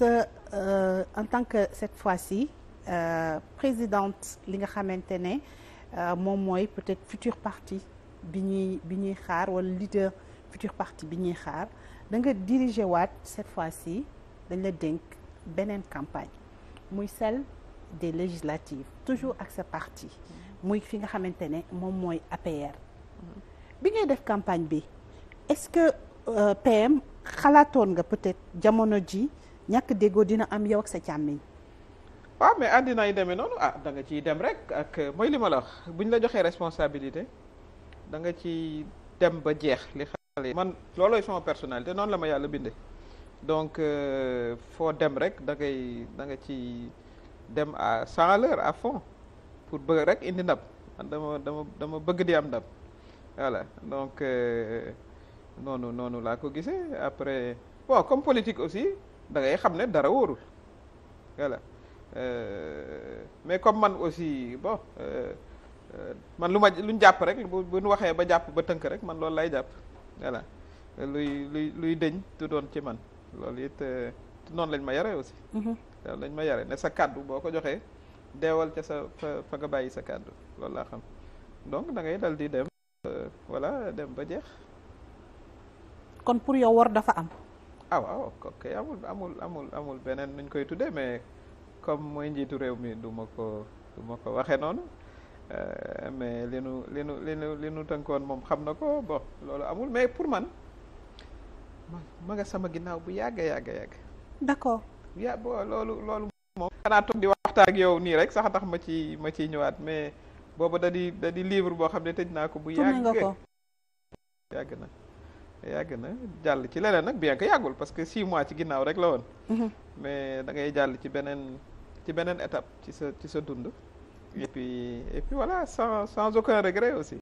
sa euh, en tant que cette fois si euh, présidente li nga xamante ne euh, moom mooy peut-être futur parti bi ñuy bi ñuy xaar wala leader futur parti bi ñuy xaar da nga diriger waat cette fois-ci dañ la dénk beneen campagne muy celle des législatives toujours ak sa parti muy fi nga xamante ne moom mooy APR bi ngay def campagne bi est-ce que euh, PM xalaatoon nga peut-être jamono ji ñàkk déggoo dina am yow ak sa càmmiñ waaw mais àddina yi demee noonu ah da nga ciy dem rek ak mooy li ma la wax bu ñu la joxee responsabilité da nga ci dem ba jeex li xale man loolooy sama personnalité noonu la ma yàlla bindee donc euh, foo dem rek da ngay da nga ci dem à cent l'heure à fond pour bëgg rek indi ndab dama dama dama bëgg di am ndam voilà donc euh, noonu noonu laa ko gisee après bon comme politique aussi da ngay xam ne dara wóorul voilà euh, mais comme man aussi bon euh, euh, man lu ma lu ñu jàpp rek bu ñu waxee ba jàpp ba tënk rek man loolu lay jàpp voilà luy luy luy dëñ du doon ci man loolu it noonu lañ ma yare aussi mhm. lañ ma yare ne sa kàddu boo ko joxee deewal ca sa fa fa nga bàyyi sa kàddu loolu laa xam donc da ngay dal di dem voilà dem ba jeex kon pour yow war dafa am aw ah, waaw ok amul amul amul amul beneen nuñ koy tuddee mais comme mooy njiitu réew mi du ma ko du ma ko waxee noonu euh, mais li nu li nu li nu li moom xam na ko bon loolu amul mais pour man ma nga sama ginnaaw bu yàgg yàgg yàgg. d'accord. ya bo loolu loolu moom xanaa toog di waxtaan ak yow nii rek sax a tax ma ci ma ciy ñëwaat mais boobu da di da di livre boo xam ne tëj naa ko bu yàgg yàgg na yàgg na jàll ci leneen nag bien que yàggul parce que six mois ci ginnaaw rek la woon. Mhm. mais da ngay jàll ci beneen ci beneen étape ci sa ci sa dund. et puis et puis voilà sans sans aucun regret aussi.